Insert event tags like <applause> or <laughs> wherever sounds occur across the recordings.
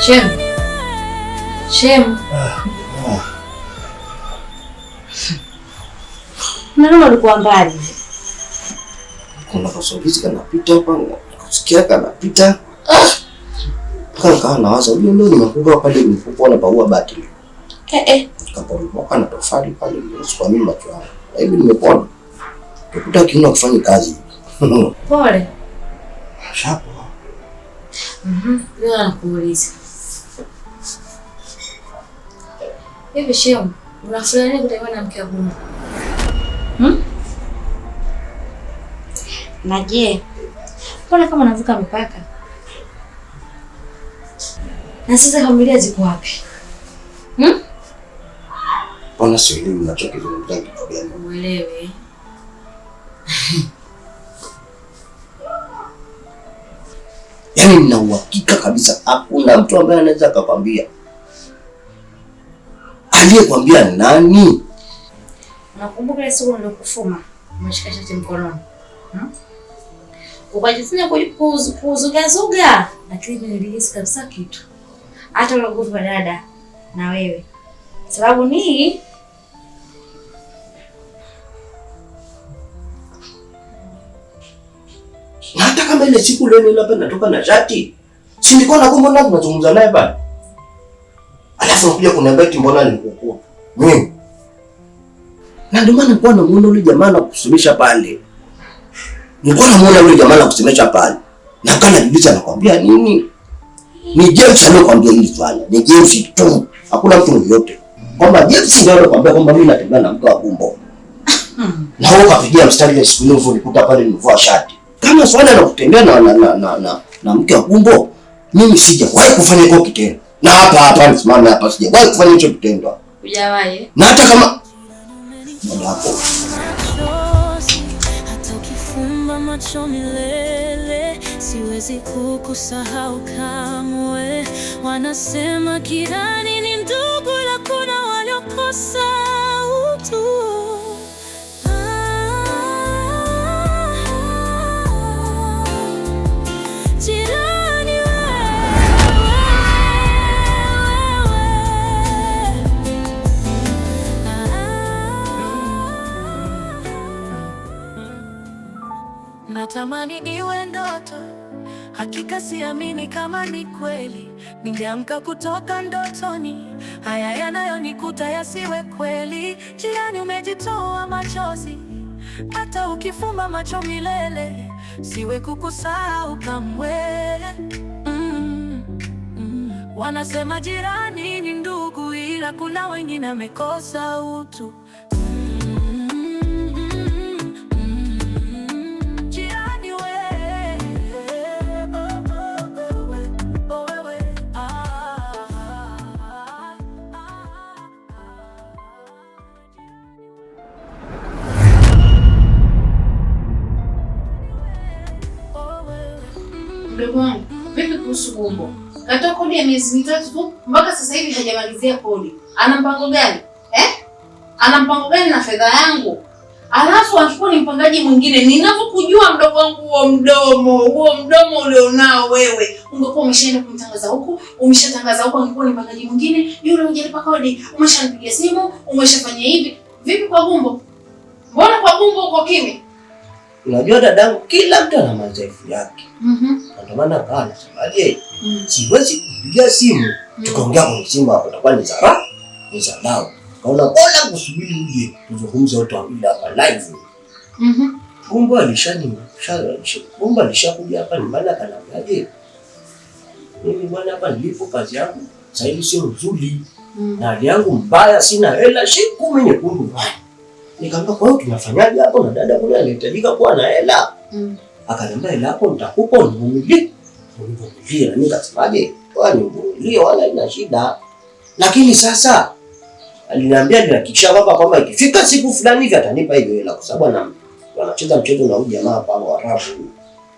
Shem. Shem. Mwanangu alikuwa mbali. Kuna kasaubizi kanapita hapa, kusikia kanapita. Mpaka nikawa nawaza, huyo ndio nimekuwa pale mfuko na paua bati. Eh eh. Kaporomoka na tofali pale kwa mimi yangu. Na hivi nimepona. Tukuta kiuno kufanya kazi. Pole. Shapo. Mhm. Leo nakuuliza. Hivi Shemu, unafurahia nini kutembea na mke wangu? Gumba? Hmm? Na je, mbona kama unavuka mipaka? Na sasa familia ziko wapi? Hmm? Mbona sielewi mnachokizungumza kitu gani? Uelewe. Yaani nina uhakika kabisa hakuna mtu ambaye anaweza akakwambia Aliyekwambia nani? Nakumbuka ile siku nilikufuma umeshika shati mkononi. Hmm? Ukajifunya kuzugazuga, lakini nilihisi kabisa kitu. Hata unaogopa dada na wewe. Sababu ni hata kama ile siku leo nilapa natoka na shati. Si nilikuwa nakumbona tunazungumza naye bana. Alafu unakuja kuniambia eti mbona nilikuwa mimi. Na ndio maana nilikuwa namuona yule jamaa na kusimisha pale. Nilikuwa namuona yule jamaa na kusimisha pale. Na kana bibicha nakwambia nini? Ni James anakuambia hili swala. Ni James tu. Hakuna mtu yeyote. Kwamba James ndio anakuambia kwamba mimi natembea na mtu wa Gumbo. Hmm. Na wewe ukapigia mstari ya siku ile ulikuta pale nilivua shati. Kama swala la kutembea na na na, na, na mke wa Gumbo, mimi sijawahi kufanya hiyo kitendo na hapa hapa nisimame hapa, sijawahi kufanya hicho kitendo, hujawahi na hata kama hapo macho milele, siwezi kukusahau kamwe. Wanasema kirani ni ndugu, lakuna waliokosa utu natamani iwe ndoto, hakika siamini kama ni kweli. Ningeamka kutoka ndotoni, haya yanayonikuta yasiwe kweli. Jirani, umejitoa machozi, hata ukifumba macho milele, siwe kukusahau kamwe. Mm, mm. Wanasema jirani ni ndugu, ila kuna wengine amekosa utu. mfumbo. Katoa kodi ya miezi mitatu tu, mpaka sasa hivi hajamalizia kodi. Ana mpango gani eh? Ana mpango gani na fedha yangu? Alafu achukua ni mpangaji mwingine. Ninavyokujua mdogo wangu, huo mdomo huo mdomo ulionao wewe, ungekuwa umeshaenda kumtangaza huku, umeshatangaza huku, angekuwa ni mpangaji mwingine yule, hujalipa kodi, umeshanipigia simu, umeshafanya hivi. Vipi kwa gumbo? Mbona kwa gumbo uko kimya? Unajua dadangu, kila mtu ana madhaifu yake. Mhm. Ndio maana pale safari mm. siwezi kupiga simu mm. tukaongea kwa simu hapo, itakuwa ni zara ni zadao. Kaona bora kusubiri uje tuzungumze wote wawili hapa live. Mhm. Kumbe alishani kumbe alishakuja hapa, ni maana kanaje? Mimi bwana, hapa nilipo kazi yangu sasa hivi sio nzuri, mm. na hali yangu mbaya, sina hela shilingi kumi nyekundu. Nikamwambia kwa hiyo tunafanyaje hapo, na dada kule anahitajika kuwa na hela mm. Akaniambia hela hapo nitakupa nivumilie, nivumilie. Na nikasemaje, kwa nivumilie, wala ina shida. Lakini sasa aliniambia nihakikisha baba kwamba ikifika siku fulani hivi atanipa hiyo hela, kwa sababu ana wanacheza mchezo na huyu jamaa hapa wa Arabu,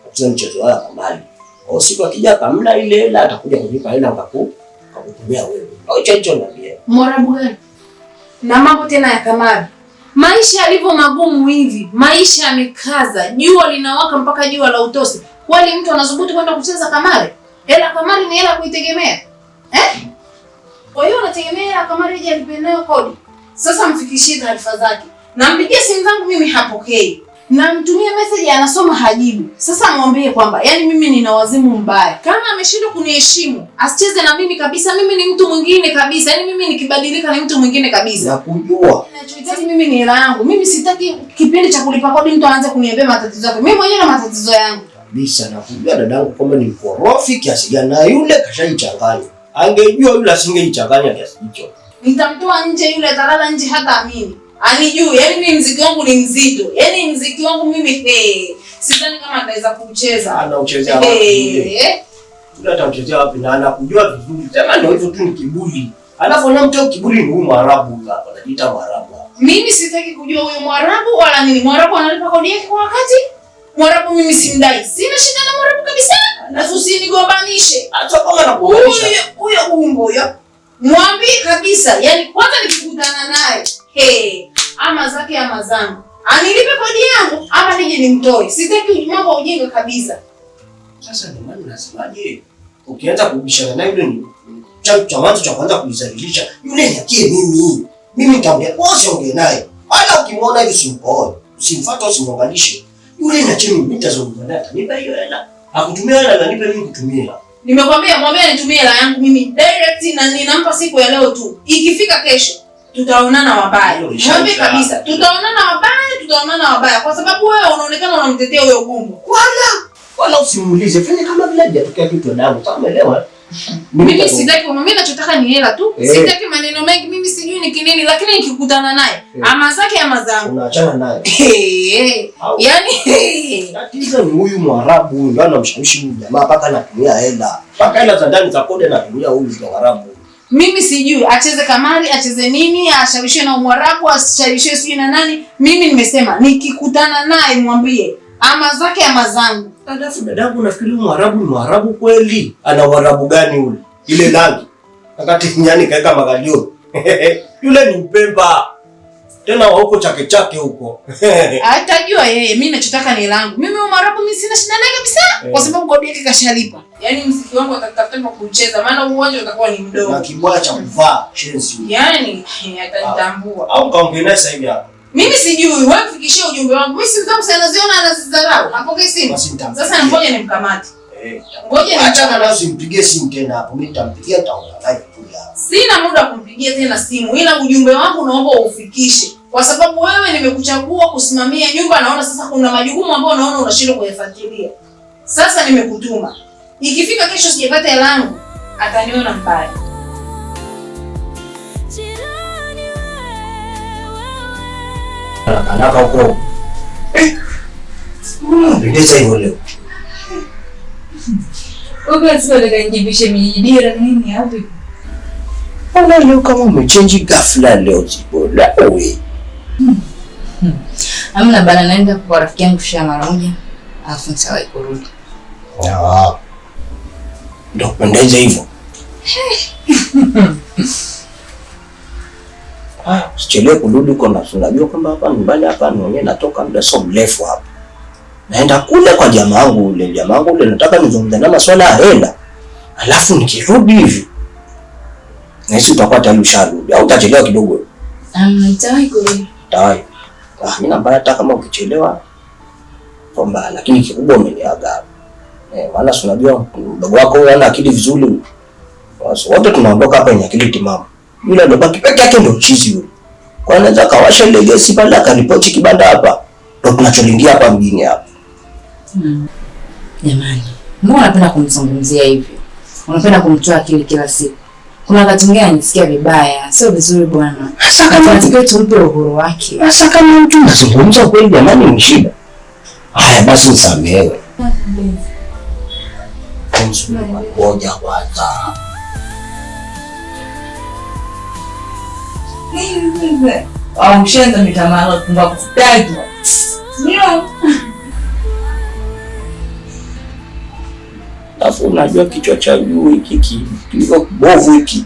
anacheza mchezo wao kwa mali. Kwa hiyo siku akija kamla ile hela atakuja kunipa hela akaku akakutumia wewe. Au chanjo niambie. Mwarabu gani? Na mambo tena ya kamari maisha yalivyo magumu hivi, maisha yamekaza, jua linawaka mpaka jua la utosi. Kwani mtu anadhubutu kwenda kucheza kamari? Hela kamari ni hela kuitegemea eh? Kwa hiyo unategemea hela kamari ije alipe nayo kodi. Sasa mfikishie taarifa zake na mpigie simu zangu mimi hapokei namtumia message anasoma hajibu. Sasa mwambie kwamba yani mimi nina wazimu mbaya, kama ameshindwa kuniheshimu asicheze na mimi kabisa. Mimi ni mtu mwingine kabisa, yani mimi nikibadilika ni mtu mwingine kabisa. kujua nachohitaji mimi ni hela yangu. Mimi sitaki kipindi cha kulipa kodi mtu aanze kuniambia matatizo yake. Mimi mwenyewe na matatizo yangu kabisa. Nakujua dadangu kwamba ni mkorofi kiasi gani, na yule kashaichanganya Angejua yule asingeichanganya kiasi hicho. Nitamtoa nje, yule atalala nje, hata amini anijui, yani mimi mziki wangu ni mzito, yani mziki wangu mimi hey, eh, sidhani kama ataweza kucheza. Anauchezea wapi? Hey, eh, eh. atauchezea wapi? na anakujua vizuri, sema ndio hivyo tu, ni kiburi. Alafu na mtu kiburi ni huyu Mwarabu hapa, anajiita Mwarabu. Mimi sitaki kujua huyo Mwarabu wala nini. Mwarabu analipa kodi yake kwa wakati. Mwarabu mimi simdai, sina shida na Mwarabu kabisa, na usinigombanishe huyo gumbo huyo, mwambie kabisa, yani kwanza nikikutana naye hey ama zake ama zangu, anilipe kodi yangu ama nije nimtoe. Sitaki mambo ujinga kabisa. Sasa ndio maana nasemaje, ukianza kubishana naye yule ni chanzo cha mwanzo cha kwanza kujizalilisha. Yule niakie mimi, mimi nitaongea kwa ongea naye hata ukimwona hivi simpoe, usimfuate, usimwangalishe yule na chini. Mimi nitazungumza naye, atanipa hiyo hela, akutumia hela na nipe mimi kutumia. Nimekwambia mwambie nitumie hela yangu mimi direct, na ninampa siku ya leo tu, ikifika kesho tutaonana wabaya, mwambie kabisa, tutaonana wabaya, tutaonana wabaya, kwa sababu wewe unaonekana unamtetea huyo Gumbo. Wala wala usimuulize, fanya kama vile hajatokea kitu na dawa, utaelewa. Mimi sitaki, mimi nachotaka ni hela tu, eh. sitaki maneno mengi. Mimi sijui ni kinini, lakini nikikutana naye eh. ama zake ama zangu, unaachana naye. <laughs> hey. Yani tatizo ni huyu Mwarabu, ndio anamshawishi huyu jamaa, mpaka anatumia hela, mpaka hela za ndani za kodi anatumia huyu Mwarabu mimi sijui acheze kamari acheze nini, ashawishie na umwarabu ashawishiwe sijui na nani. Mimi nimesema nikikutana naye mwambie ama zake ama zangu. Alafu dadangu, nafikiri Mwarabu ni Mwarabu kweli? Ana Mwarabu gani ule ile langi akati nyani kaeka magalio <laughs> yule ni Mpemba tena huko chake chake huko <laughs> atajua yeye. Mimi nachotaka ni langu mimi, Umarabu mimi sina shida naye kabisa eh. kwa sababu kodi yake kashalipa. Yaani mziki wangu atakutafuta kwa kucheza, maana uwanja utakuwa ni mdogo na kibwa cha kuvaa chenzi, Yaani eh, ah. atanitambua au kaongelea sasa hivi hapa. Mimi sijui wewe, kufikishia ujumbe wangu mimi, si mtamu sana, ziona anazidharau napokea simu sasa. Ngoja nimkamate, eh. ngoja niachana nao, simpigie simu tena hapo. Mimi nitampigia taona sina muda kumpigia tena simu, ila ujumbe wangu naomba ufikishe kwa sababu wewe nimekuchagua kusimamia nyumba. Naona sasa kuna majukumu ambayo naona unashindwa kuyafuatilia. Sasa nimekutuma, ikifika kesho sijapata hela yangu ataniona mbali. Kanaka huko pendeza eh, hivyo leo kanjibishe mijidira nini hapo? Leo kama umechenji ghafla leo, Zibola we Amna bana, naenda kwa rafiki yangu sha mara moja, alafu nisawahi kurudi. Ndio pendeza hivyo. <laughs> Ah, usichelewe kurudi kwa nafsi. tunajua kwamba hapa mbali hapa mwenyewe natoka muda so mrefu hapa. Naenda kule kwa jamaa yangu ule, jamaa yangu ule nataka nizungumze na maswala ya hela. Alafu nikirudi hivi. Na utakuwa tayari usharudi au utachelewa kidogo. Ah, nitawahi kurudi. Tayari. Hamna mbaya hata kama ukichelewa kwamba, lakini kikubwa umeniaga. Eh, maana si unajua mdogo wako ana akili vizuri. Wote tunaondoka hapa yenye akili timamu. Yule baki peke yake ndo chizi yule. Kwa anaweza kawasha ile gesi pale akaripoti kibanda hapa. Ndio tunacholingia hapa mjini hapa. Mm. Jamani, mbona unapenda kumzungumzia hivyo? Unapenda kumtoa akili kila siku kuna wakati mwingine anisikia vibaya, sio vizuri bwana. Tunatakiwa tumpe uhuru wake. Sasa kama mtu nazungumza kweli, jamani, ni shida. Haya basi, nisamehewe ngoja kwanza. Au oh, mshenza mitamala kumba kustagi. Ndio. alafu unajua kichwa cha juu hiki kilio kibovu hiki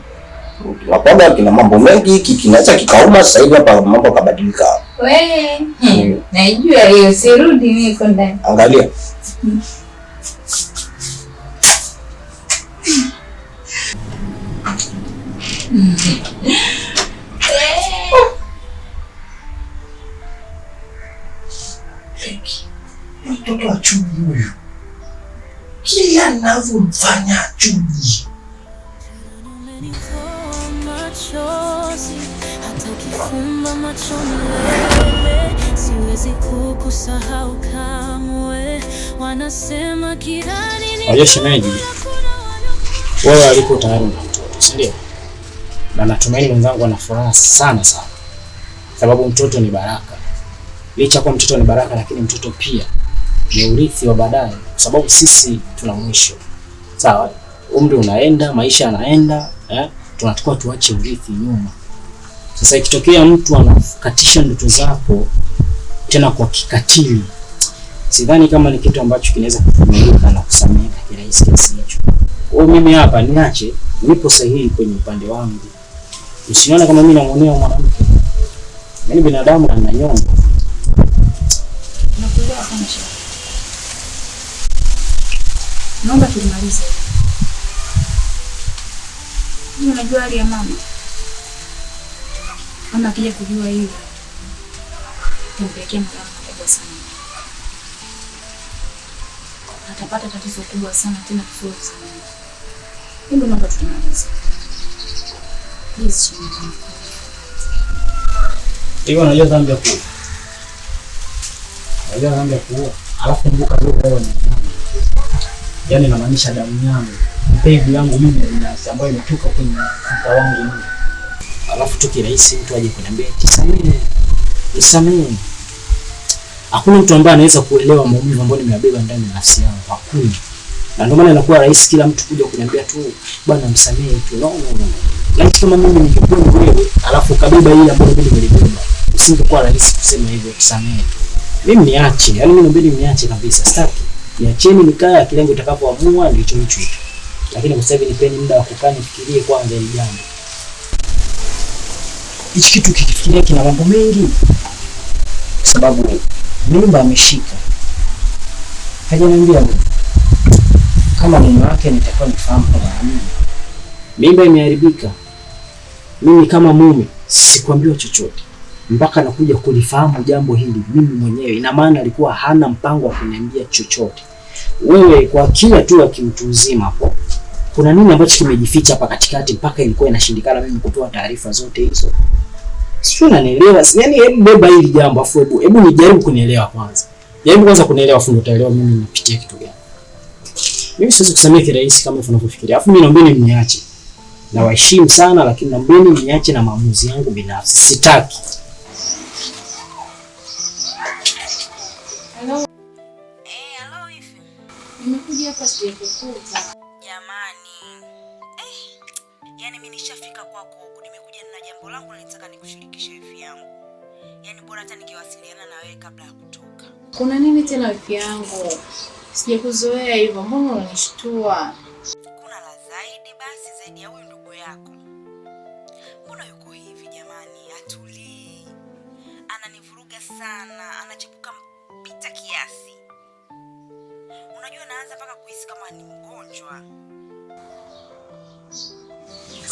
tunakwambia kina mambo mengi, hiki kinaweza kikauma. Sasa hivi hapa mambo kabadilika, hmm. hmm, Najua hiyo, sirudi niko ndani. Angalia hmm. <laughs> mtoto wa chuu huyu kila ninavyomfanya achuji. Wajua shemeji, wewe alipo tayari na mtoto, si ndio? Na natumaini mwenzangu wana furaha sana sana, sababu mtoto ni baraka. Licha kuwa mtoto ni baraka, lakini mtoto pia ni urithi wa baadaye kwa sababu sisi tuna mwisho. Sawa, umri unaenda, maisha yanaenda, eh? tunatakiwa tuache urithi nyuma. Sasa ikitokea mtu anakatisha ndoto zako tena kwa kikatili, sidhani kama ni kitu ambacho kinaweza kuvumilika na kusameka kirahisi kiasi hicho. Kwa mimi hapa niache, nipo sahihi kwenye upande wangu, usione kama mimi namuonea mwanamke, yaani binadamu ana nyongo Naomba tulimalize. Unajua hali ya mama, mama akija kujua hiyo tampelekea madhara makubwa sana, atapata tatizo kubwa sana tena kifua sana. Hebu naomba tulimalize. Hiyo anajua dhambi ya kuua, anajua dhambi ya kuua, alafu kumbuka, wewe ni yani namaanisha damu yangu, mbegu yangu mimi ya binafsi ambayo imetoka kwenye mfuko wangu mimi. Alafu tu kirahisi mtu aje kuniambia nisamehe, nisamehe. Hakuna mtu ambaye anaweza kuelewa maumivu ambayo nimeyabeba ndani ya nafsi yangu, hakuna. Na ndio maana inakuwa rahisi kila mtu kuja kuniambia tu bwana, msamehe tu. No, no, no. Lakini kama mimi ningekuwa wewe, alafu kabeba hii ambayo mimi nimebeba, usingekuwa rahisi kusema hivyo, tusamehe. Mimi niache, yani mimi nabidi niache kabisa, sitaki niacheni nikae, akili yangu itakapoamua ndicho hicho, lakini kwa sasa nipeni muda wa kukaa nifikirie kwanza hili jambo. Hichi kitu kikifikiria kina mambo mengi, kwa sababu mimba ameshika, hajaniambia Kama mume wake nitakuwa nifahamu kwa mimi, mimba imeharibika. Mimi kama mume sikuambiwa chochote mpaka nakuja kulifahamu jambo hili mimi mwenyewe. Ina maana alikuwa hana mpango wa kuniambia chochote. Wewe kwa kila tu ya kimtu uzima hapo, kuna nini ambacho kimejificha hapa katikati mpaka ilikuwa inashindikana mimi kutoa taarifa zote hizo? Sio, unanielewa? Yaani hebu beba hili jambo afu hebu hebu nijaribu kunielewa kwanza. Jaribu kwanza kunielewa afu utaelewa mimi nipitie kitu gani. Mimi siwezi kusamea kirahisi kama unavyofikiria. Afu mimi naombeni mniache. Nawaheshimu sana lakini naombeni mniache na maamuzi yangu binafsi. Sitaki Halo. Eh, Nimekuja hapa sijakukuta. Jamani. Eh. Yaani mimi nishafika kwako huku. Nimekuja na jambo langu nilitaka nikushirikishe wifi yangu. Yaani bora hata nikiwasiliana na wewe kabla ya kutoka. Kuna nini tena wifi yangu? Sijakuzoea hivyo. Mbona unanishtua?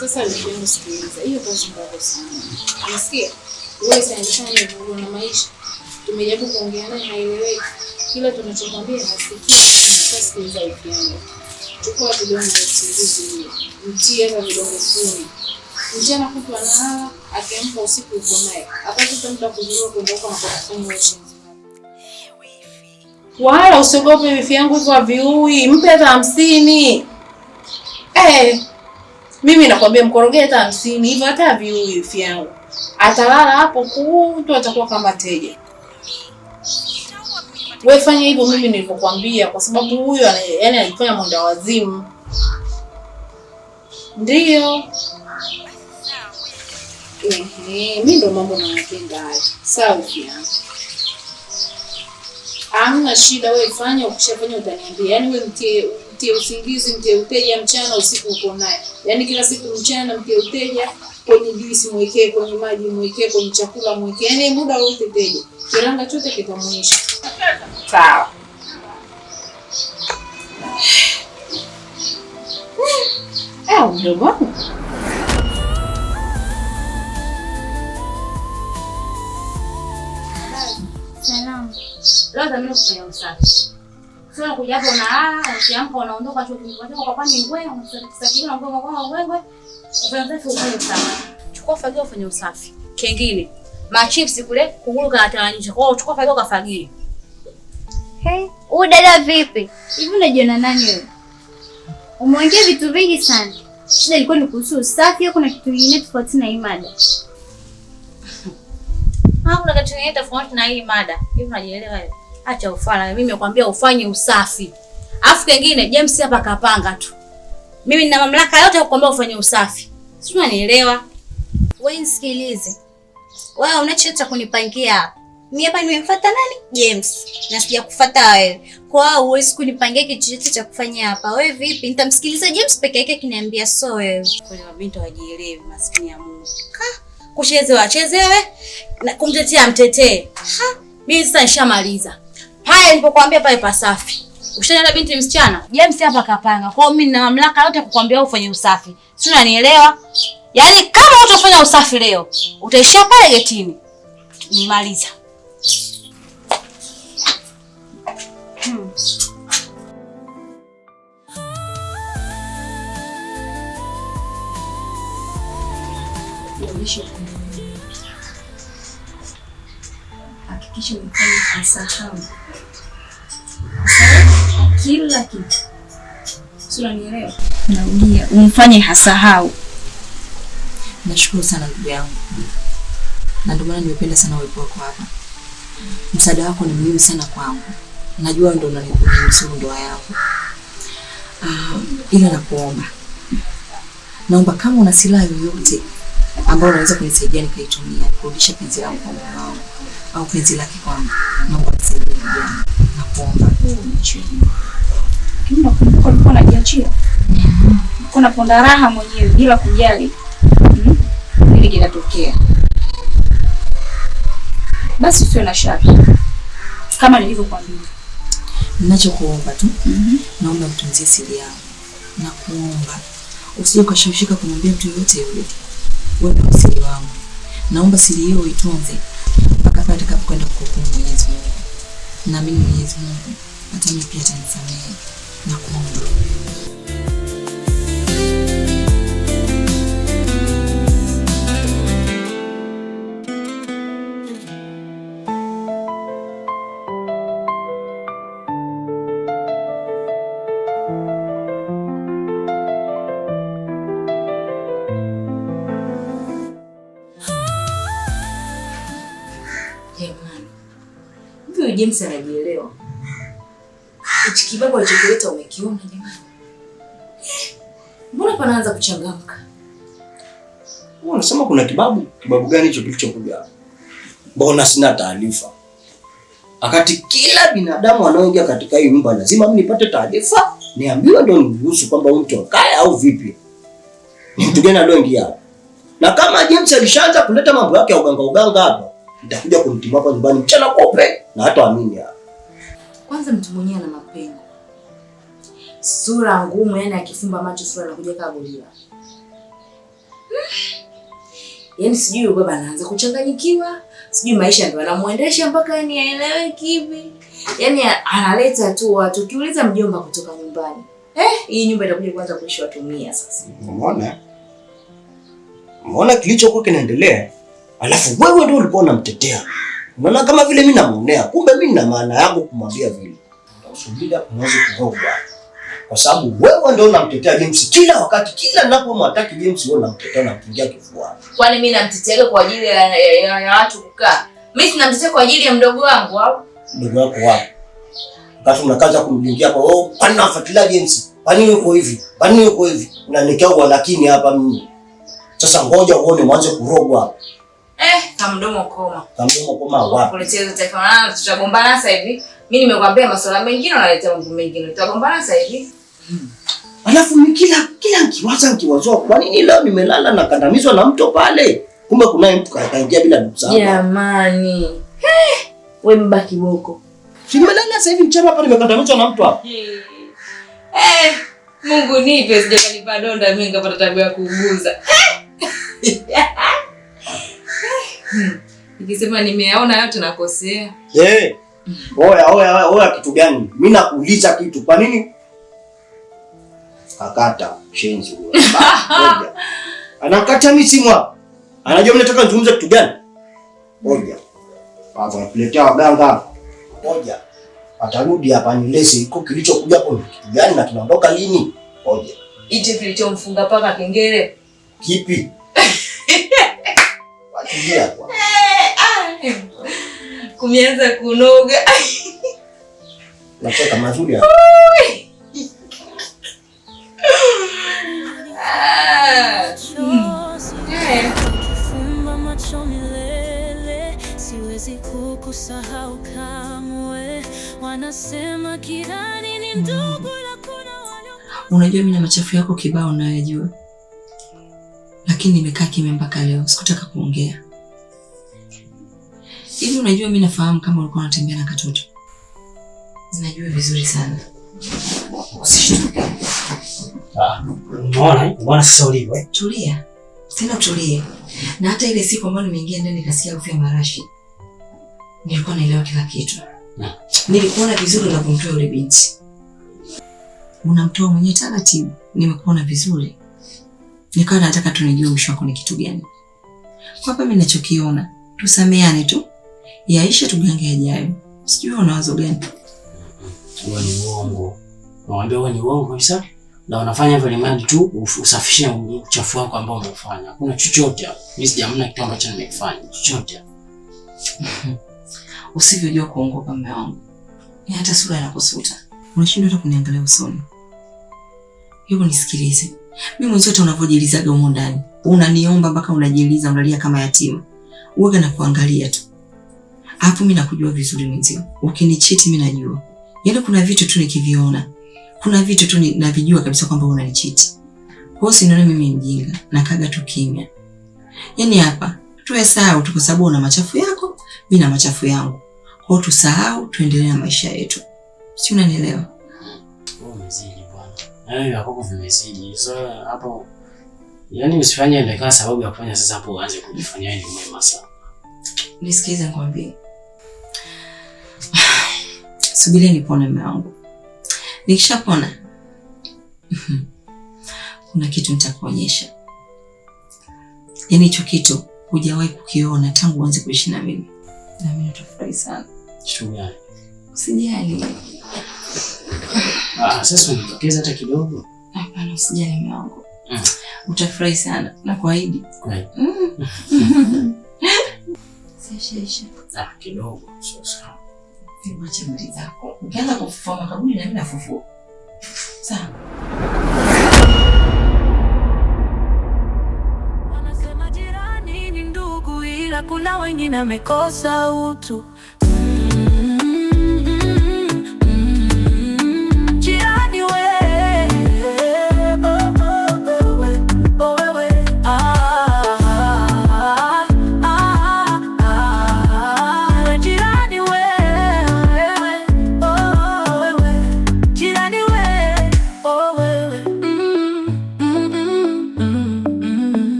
Sasa nipende sikiliza. Hiyo kazi ndogo sana. Unasikia? Wewe ni vurugu na maisha. Tumejaribu kuongea naye haieleweki. Kila tunachokwambia hasikii. Sasa sikiliza ukiangu. Chukua vidonge vya usingizi hiyo. Mtie hata vidonge kumi. Mchana kutwa analala, akiamka usiku uko naye. Hapata muda kuzurura kwenda huko na kufanya uzinzi. Wala usiogope, wifi yangu kwa viui, Mpe hata hamsini. Eh, mimi nakwambia mkorogea hata hamsini hivyo, hata viui vyangu atalala hapo kutu, atakuwa kama teja. Wewe fanya hivyo mimi nilivyokuambia, kwa sababu huyo yani alifanya mwenda wazimu. Ndiyo, mimi ndo mambo nayapenda hayo. Sawa, hamna shida, wewe fanya. Ukishafanya utaniambia, yaani wewe mtie mtie usingizi, mtie uteja, mchana usiku uko naye. Yaani kila siku mchana mtie uteja, kwenye juisi mwekee, kwenye maji mwekee, kwenye chakula mwekee, yaani muda wote teja, kiranga chote kitamuisha. Sawa. <sighs> mdogo wangu salamu, leo zamini usafi Sio kuja hapo ukiamka unaondoka chuo kwa kwani ngwe, unasafiri na kwa ngwe. Ufanye usafi sana. Chukua fagio ufanye usafi. Kingine, kule Kwa hiyo chukua fagio kafagie. Hey, huyu dada vipi? Hivi unajiona nani wewe? Umeongea vitu vingi sana. Shida ilikuwa ni kuhusu usafi au kuna kitu kingine tofauti na hii mada? kuna kitu kingine tofauti na hii mada. Hivi unajielewa wewe? Acha ufala. Mimi nimekwambia ufanye usafi. Alafu kengine James hapa kapanga tu. Mimi nina mamlaka yote ya kukwambia ufanye usafi. Sio, unanielewa? Wewe nisikilize. Wewe una cha kunipangia hapa? Mimi hapa nimemfuata nani? James. Na sijakufuata wewe. Kwa hiyo huwezi kunipangia kitu chochote cha kufanya hapa. Wewe vipi? Nitamsikiliza James peke yake akiniambia so wewe. Kwa mabinti wajielewe maskini ya Mungu. Ka kuchezewa chezewe na kumtetea mtetee. Ha, mimi sasa nishamaliza. Haya, nilipokuambia pale pasafi. Ushaniona binti msichana? James hapa kapanga. Kwa hiyo mimi nina mamlaka yote kukuambia wewe ufanye usafi. Si unanielewa? Yaani kama utafanya usafi leo, utaishia pale getini. Nimaliza. Hmm. hakikisha umefanya kisahau kila kitu, si umfanye hasahau. Nashukuru sana ndugu yangu, na ndio maana nimependa sana uwepo wako hapa. Msaada wako ni muhimu sana kwangu, najua ndio unanihusu ndoa yako Uh, ila nakuomba, naomba kama una silaha yoyote ambayo unaweza kunisaidia nikaitumia kurudisha penzi langu kwa mume wangu au penzi lake kwa Mungu anisaidie vijana na kuomba nikuwa najiachia nikuwa naponda raha mwenyewe bila kujali hmm, nini kinatokea. Basi usiwe na shaka, kama nilivyokwambia, ninachokuomba tu mm -hmm. Naomba mtunzie siri yangu na kuomba usije ukashawishika kumwambia mtu yoyote yule. Wewe ni siri wangu, naomba siri hiyo uitunze nitapeleka kwenda kukuhukumu Mwenyezi Mungu. Naamini Mwenyezi Mungu hata mimi pia atanisamehe na kuondoka. Jamani, huyu James anajielewa. Hichi kibaba alichokileta umekiona jamani? Mbona panaanza kuchangamka? Wewe unasema kuna kibabu? Kibabu gani hicho kilichokuja hapa? Mbona sina taarifa? Akati kila binadamu anaoingia katika hii nyumba lazima mimi nipate taarifa, niambiwe ndio niruhusu kwamba mtu akae au vipi? Ni mtu gani aloingia hapa? Na kama James alishaanza kuleta mambo yake ya uganga uganga hapa, nitakuja kumtibu hapa nyumbani mchana kweupe na hata amini ya. Kwanza mtu mwenyewe ana mapengo, sura ngumu, yani akifumba macho sura anakuja kama gorila. Hmm. Yani sijui baba anaanza kuchanganyikiwa, sijui maisha ndio anamwendesha mpaka yani aelewe kivi, yani analeta tu watu. Ukiuliza mjomba kutoka nyumbani, eh, hii nyumba itakuja kuanza kuishi watu mia sasa. Umeona, umeona kilichokuwa kinaendelea Alafu wewe ndio ulikuwa unamtetea. Unaona kama vile mimi namuonea, kumbe mimi na maana yangu kumwambia vile. Usubira unaweza kuoga. Kwa sababu wewe ndio unamtetea James kila wakati, kila ninapomwataki James wewe unamtetea na kuingia kifua. Kwani mimi namtetea kwa ajili ya watu kukaa? Mimi sinamtetea kwa ajili ya mdogo wangu au? Mdogo wako wapi? Wakati unakaza kumjingia kwa oh, kwani nafuatilia James? Kwani yuko hivi? Kwani yuko hivi? Na nikiao lakini hapa mimi. Sasa ngoja uone mwanzo kurogwa hapa. Eh, kamdomo koma. Kamdomo koma wapi? Kuletea hizo taarifa maana tutagombana sasa hivi. Mimi nimekwambia masuala mengine unaletea mambo mengine. Tutagombana sasa hivi. Hmm. Alafu mimi kila kila nikiwaza nikiwazoa kwa nini leo nimelala na kandamizwa na mto pale? Kumbe kuna mtu kaingia bila ndugu zangu. Jamani. Eh, wewe mbaki boko. Nimelala sasa hivi mchana pale nimekandamizwa na mtu hapo. Eh, eh, Mungu nipe sijapata donda mimi ngapata tabia kuuguza. <laughs> <laughs> <laughs> Nikisema nimeyaona yote nakosea. Eh. Oya, oya, oya kitu gani? Mimi nakuuliza kitu. Kwa nini? Akata shenzi wewe. Anakata misimwa. Anajua mimi nataka nizungumze kitu gani? Oya. Hapo nakuletea waganga. Oya. Atarudi hapa nileze iko kilichokuja hapo ni kitu gani na tunaondoka lini? Oya. Ije kilichomfunga paka kengele. Kipi? kulia eh, ah. kumeanza kunoga. <laughs> Nacheka mazuri hapa. Ah. Eh. Siwezi kukusahau kamwe. Wanasema kirani ni ndugu. Unajua mimi na machafu yako kibao nayajua lakini nimekaa kimya mpaka leo, sikutaka kuongea. Hivi unajua, mi nafahamu kama ulikuwa unatembea na katoto. zinajua vizuri sana. Ah, eh? Tulia tena, tulie. Na hata ile siku ambayo nimeingia ndani nikasikia harufu ya marashi, nilikuwa naelewa kila kitu. Nilikuona vizuri na kumtoa yule binti. Unamtoa mwenyewe taratibu, nimekuona vizuri nikawa nataka tunijue mwisho wako ni kitu gani. Kwa hapa mimi ninachokiona, tusameane tu yaishe, tugange yajayo. Sijui una wazo gani? Huo ni uongo, nawaambia huo ni uongo kabisa, na wanafanya hivyo limradi tu usafishe uchafu wako ambao umeufanya. Kuna chochote mimi sijamna kitu ambacho nimekifanya chochote. <laughs> Usivyojua kuongoka mume wangu, ni hata sura inakusuta, unashindwa hata kuniangalia usoni. Hebu nisikilize mimi mwenzio hata unavyojilizaga humo ndani unaniomba mpaka unajiliza, unalia kama yatima, uoga na kuangalia tu hapo. Mimi nakujua vizuri mwenzio, ukinichiti mimi najua, yaani kuna vitu tu nikiviona, kuna vitu tu navijua kabisa kwamba unanichiti. Kwa hiyo sinaona mimi mjinga, nakaga tu kimya. Yaani hapa tusahau tu, kwa sababu una machafu yako, mimi na machafu yangu. Kwa hiyo tusahau, tuendelee na maisha yetu, si unanielewa? Oh, yaani vya kwako vimezidi. So hapo yaani usifanye ndio kama sababu ya kufanya sasa hapo uanze kujifanyia ni mwema sana. Nisikize nikwambie. Subiri nipone mume wangu. Nikishapona mhm. kuna kitu nitakuonyesha. Yaani hicho kitu hujawahi kukiona tangu uanze kuishi na mimi. Na mimi nitafurahi sana. Shukrani. Usijali. Ah, sasa unatokeza hata kidogo? Hapana, usijali mwanangu. Mm. Ah. Utafurahi sana na kuahidi. Mm. Sasa <laughs> ah, kidogo sasa. Niwache mali zako. Ukianza kufufua kaburi na mimi nafufua. Sawa. Wanasema jirani ni ndugu ila kuna wengine amekosa utu.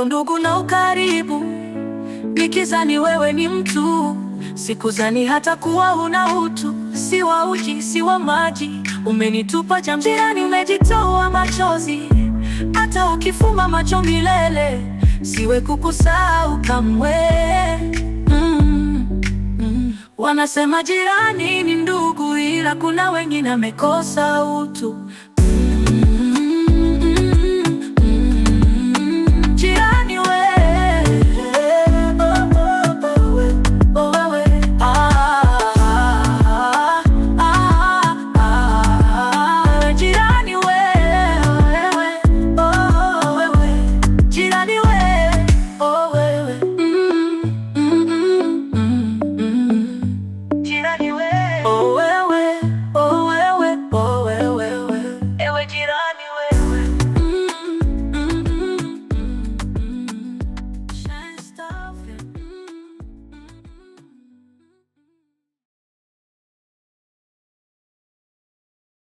upendo, ndugu na ukaribu. Nikizani wewe ni mtu, sikuzani hata kuwa una utu. Si wa uji, si wa maji, umenitupa jamjirani, umejitoa machozi. Hata ukifumba macho milele, siwe kukusahau kamwe. Mm, mm. Wanasema jirani ni ndugu, ila kuna wengine amekosa utu.